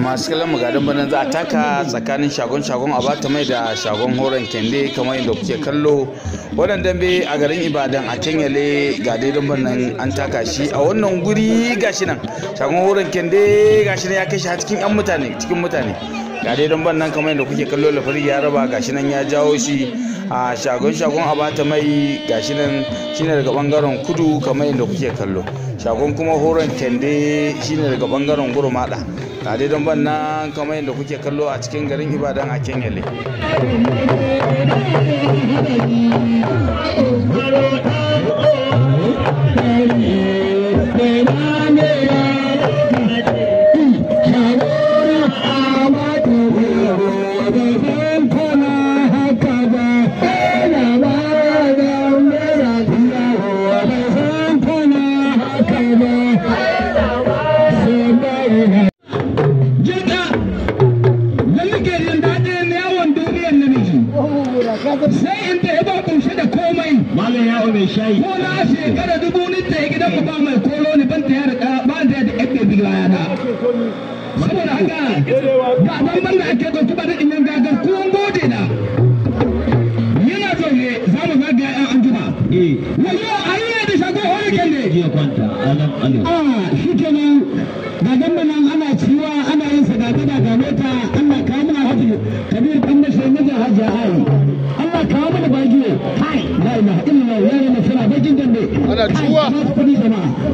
masu kallon magadan banan za a taka tsakanin shagon shagon abata mai da shagon horon kende kamar yadda kuke kallo wannan dambe a garin ibadan a kenyale ga daidan banan an taka shi a wannan guri gashi nan shagon horon kende gashi nan ya kai shi cikin yan mutane cikin mutane ga dai don nan kamar yadda kuke kallo lafari ya raba gashi nan ya jawo shi a shagon shagon a bata mai gashi nan shine daga bangaren kudu kamar yadda kuke kallo shagon kuma horon kende shine daga bangaren gurmada ga dai don nan kamar yadda kuke kallo a cikin garin ibadan a kenyale Thank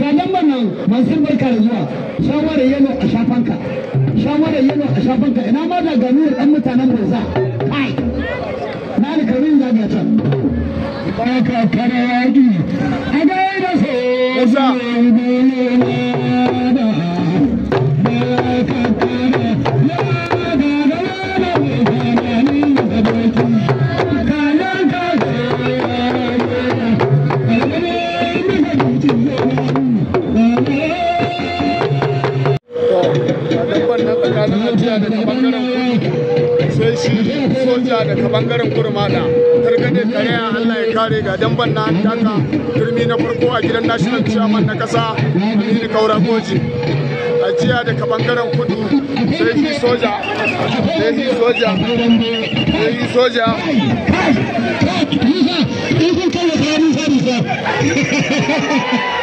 ga lambar nan mansur barka da zuwa shawarar yalo a shafanka shawarar yalo a shafanka ina ma da ganiyar ɗan mutanen rosa kai na da karin zagaya can baka kara yaƙi a gaida sau zai ne na da soja daga bangaren kurmada targade ya allah ya kare ga damban na taka turmi na farko a gidan national chairman na kasa aminu kaura goji a jiya daga bangaren kudu sai yi soja sai yi soja sai yi soja Thank you.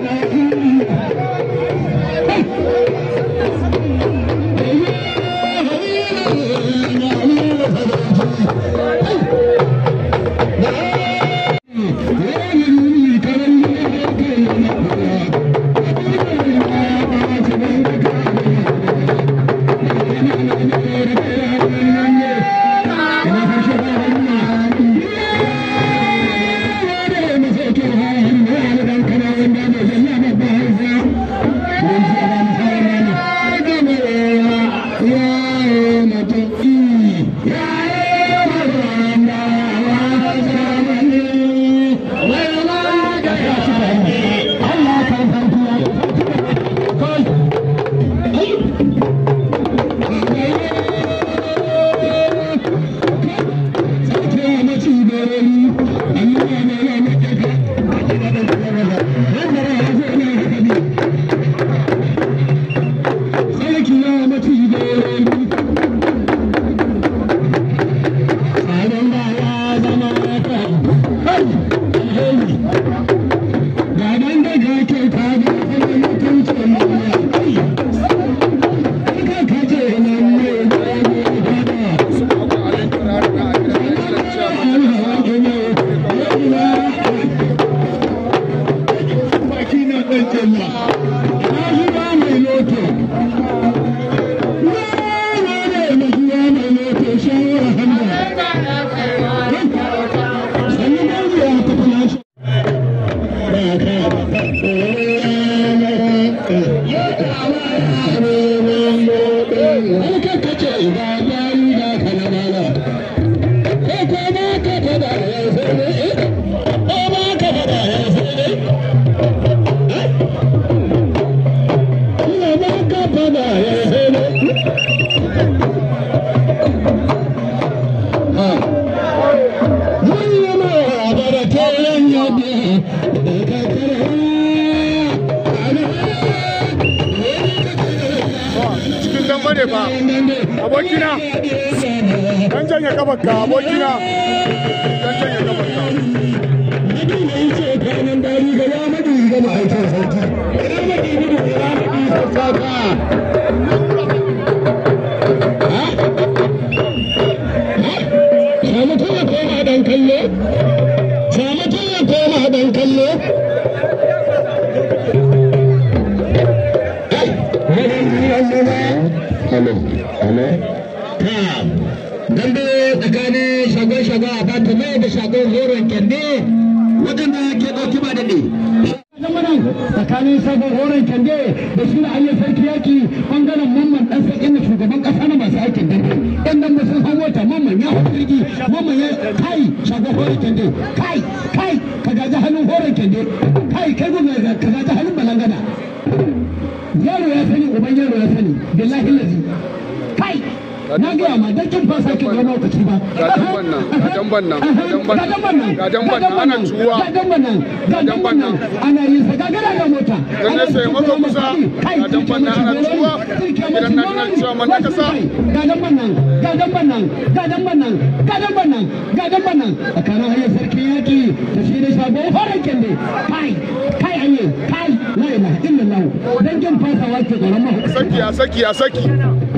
Thank you. Thank you. cikin dambe ne fa abokina dan janye kafarka abokina dan janye kafarka Thank you. dambe tsakanin shagon-shagon a fata mai da shagon horon kyanne waɗanda ke ɗauki ba daɗe tsakanin shagon horon kyande da shi na hanyar sarki yaki ɓangaren mamman ɗan sarki na shugaban ƙasa na masu aikin dambe ɗan dambe sun hau wata mamman ya hau jirgi mamman ya kai shagon horon kyande kai kai ka gaji hannun horon kyande kai kai gobe ka gaji hannun balangana yaro ya sani uban yaro ya sani billahi lazi na gaya ma dan kin fasa ki ba ga ga ga ga ana ga ga ana yin sa gagara mota ne sai kusa ga ana nan nan man sa ga ga ga ga ga sarki yaki ta shi da shabo horon kende kai kai ayi kai la ilaha illallah dan fasa wake garan sakiya sakiya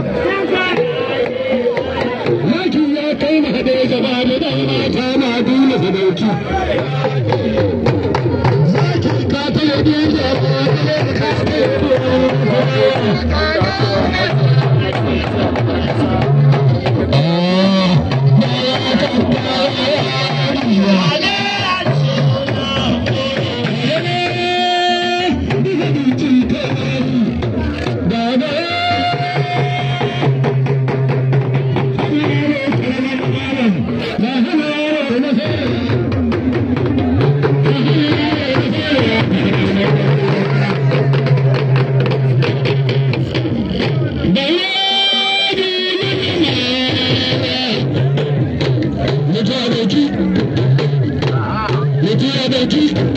Yeah. Gigi.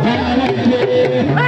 Janak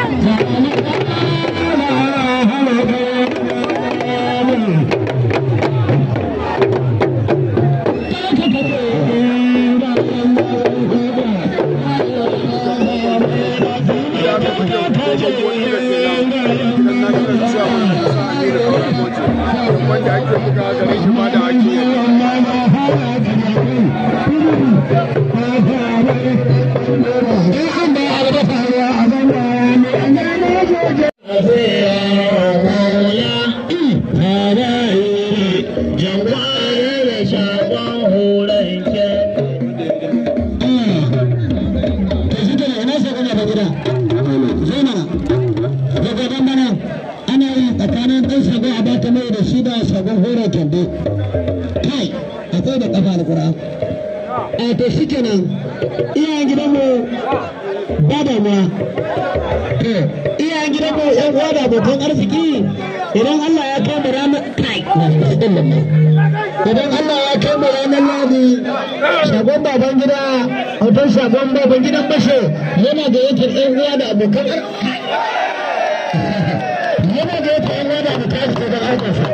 da shi kenan iyayen gidanmu ba damuwa to iyayen gidanmu yan uwa da abokan arziki idan Allah ya kai mu ranar kai idan Allah ya kai mu ranar ladi shagon baban gida hoton shagon baban gidan bashe yana da yake yan uwa da abokan arziki yana da yake yan uwa da abokan arziki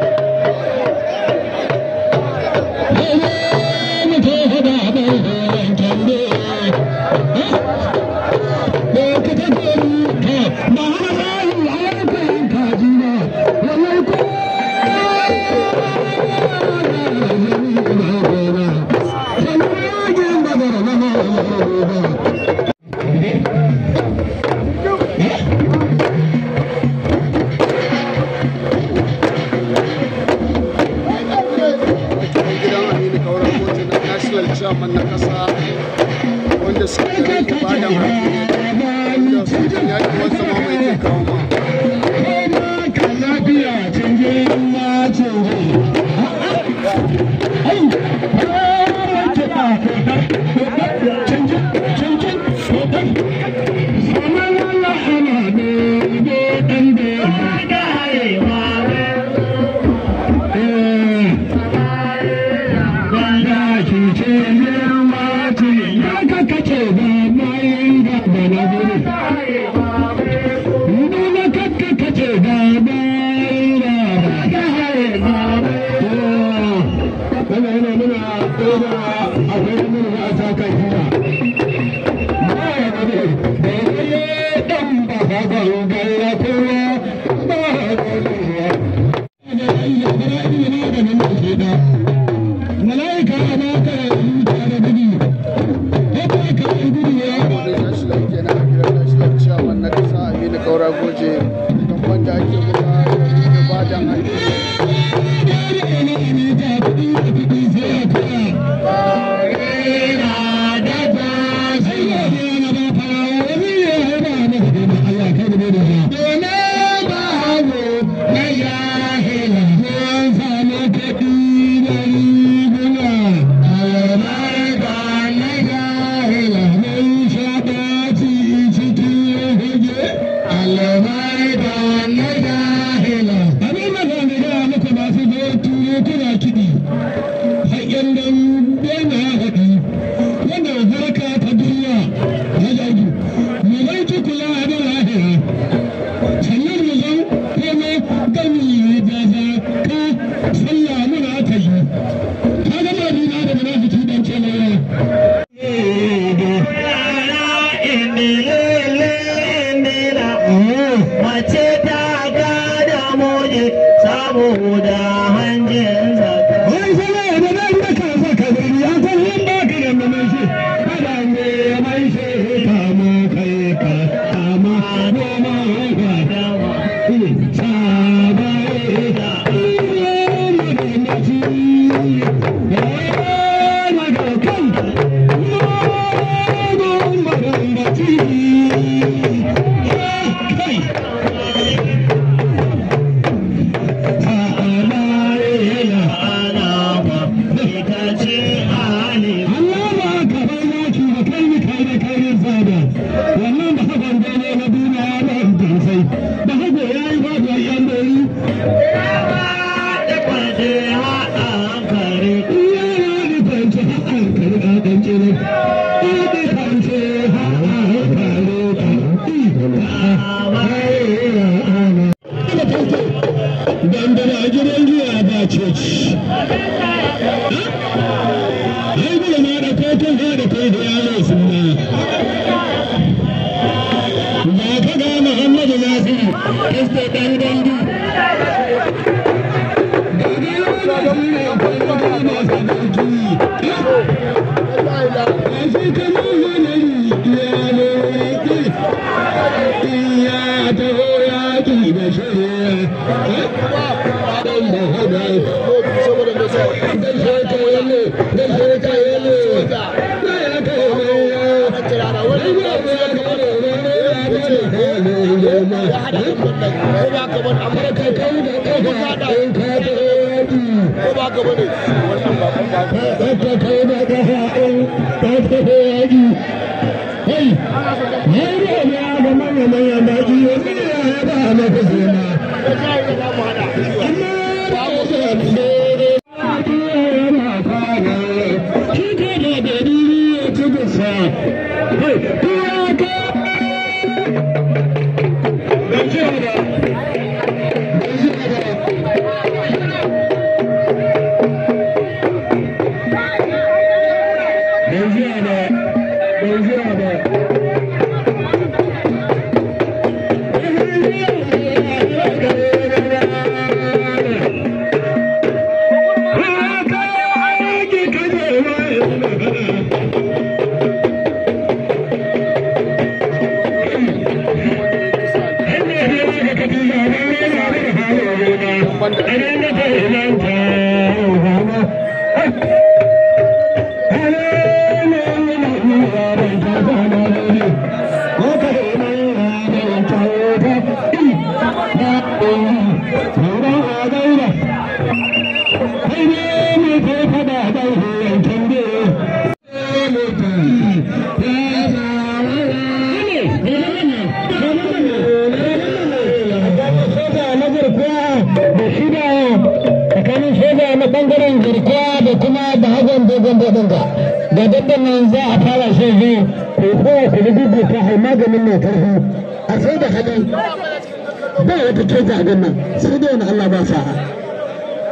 bangaren garkuwa da kuma da hagon dogon dogon ga da daddan za a fara shi biyu ko kowa ku ta hai maganin mai karfi a sai da hadin ba wata a gannan sai dai wani Allah ba sa'a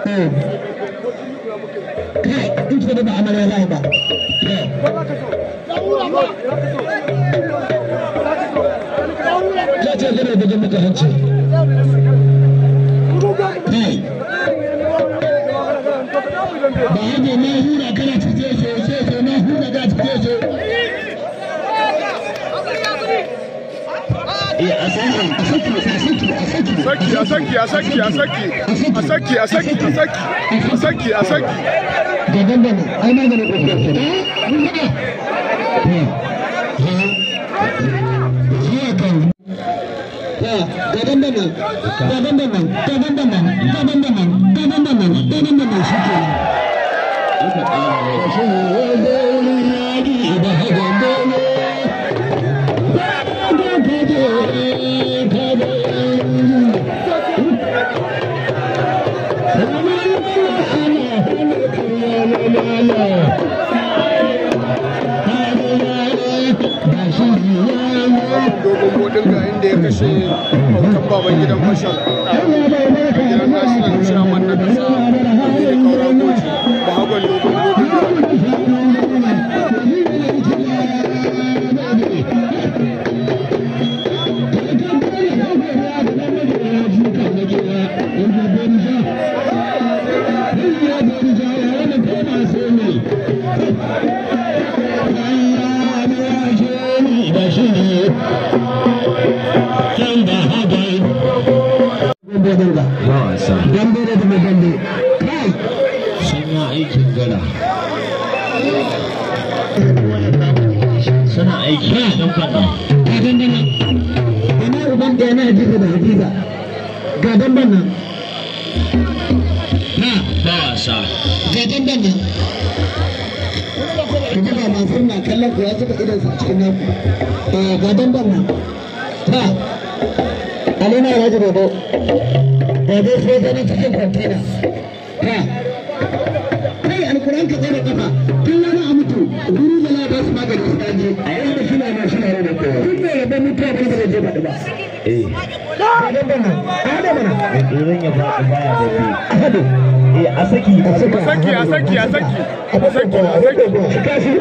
hmm. in ce da ba amarya ba ya ce gane da hanci ba haka na hura kana cije shi ce na hura ga cije shi Asaki, asaki, asaki, asaki, asaki, asaki, asaki, asaki, asaki. daban daban daban daban daban daban daban wanda ya kashe babban gidan mashal a gidan national chairman kallon ku ya saka idan sa cikin naku eh ga damban nan ta alina ya ji dodo dodo sai zama cikin kwantena ta kai alkuran ka tsara kafa tun lana a mutu guru da la ba su magani su daji a yau da shina ma shina ko da rabon mutuwa ba zai je faɗi ba eh ga damban nan a hada mana irin ya Eh, a saki a saki a saki a saki a saki a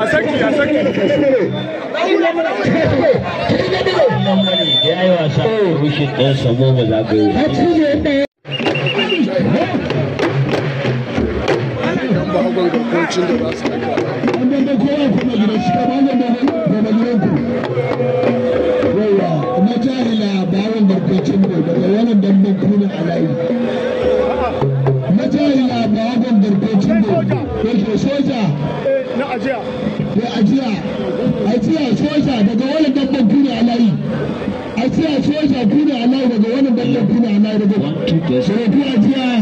saki a saki a saki Kesinlikle Atiye.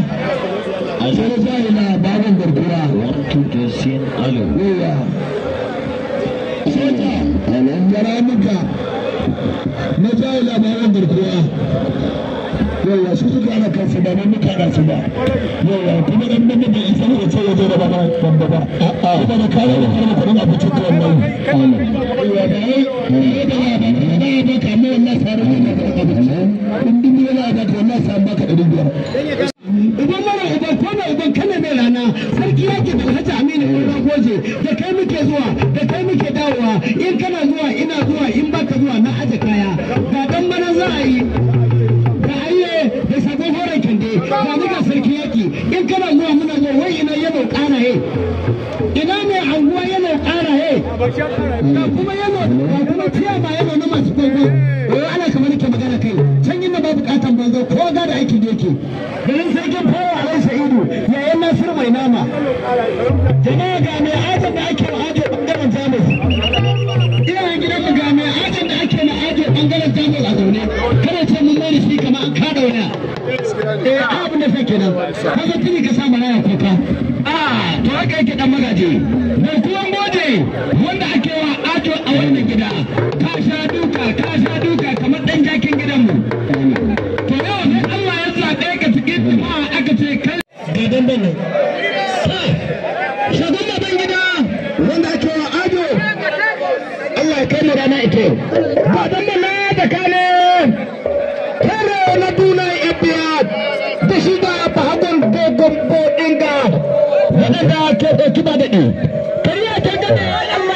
Aşırı sahile babın bir kura. One, two, three, sin, alo. Eyvah. Sota. Alın yaramıka. Meta ile babın bir kura. Yalla su suka ana kansa ba mun muka ana su ba. Yalla kuma dan nan bai isa ne ce yaje da baba ban baba. A'a kuma da kare da kare da kudin abincin kawai. Allah. Allah ba ka mai wannan sarar ne da abinci in duk yana ba ka wannan sarar ba ka ɗari biyar idan mara idan ko mai idan kana mai rana sarki yake da Alhaji Aminu Ina Goje da kai muke zuwa da kai muke dawowa in kana zuwa ina zuwa in ba ka zuwa na aje kaya ga dan mana za a yi da ayye da sabon horon kande ga muka sarki yake in kana zuwa muna zuwa wai ina ƙara ƙaraye ina mai anguwa yano ƙaraye ga kuma yano jama'a ga mai ajin da ake wa ajin bangaren jamus ake a zaune kada ce da shi an kada eh kenan kuka a ah, to haka yake dan magaji da kuma gode wanda ake gabobin ga wadanda ke ɗauki ba daɗi kariya wanda ya kuma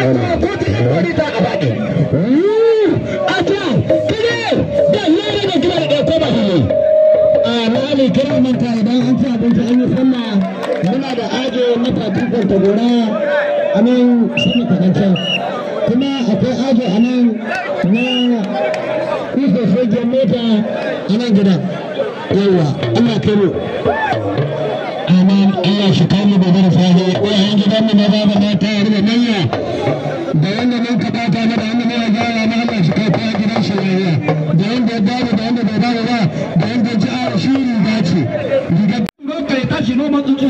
ya kori ta a baɗi a ta da lura da kira da ko ba a kira manta idan an ci abinci an yi sallah muna da ajo matakin gora a nan shi ne kuma akwai ajo a nan na kusa sojan mota a nan gidan yawa Allah kai mu amin Allah shi kai mu gobe da safe wayan gidan mu maza da mata ya rube manya da yanda nan ka bata na da yanda ya gyara na Allah shi ta gidan shi lafiya da yanda ya dawo da yanda bai dawo ba da yanda ji a shi riga ce riga kai tashi mutum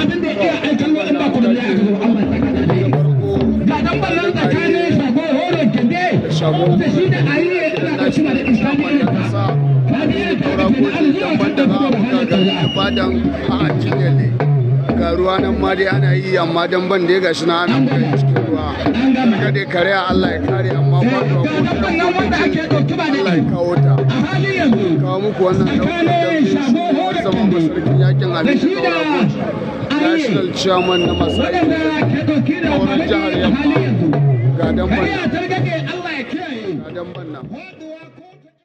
abin da ya iya in ba ku Allah ga dan ballan tsakanin shago horon kende da shi da ayi kotun damban da za a buga ruwa nan ma dai ana yi amma damban dai gashi na ana buga cikin ruwa daga dai kare Allah ya kare amma ba da kotun kotun Allah ya kawo ta kawo muku wannan daukin dambe zaman masarkin yakin abinci kawo national chairman na masarkin a wani jihar yamma ga damban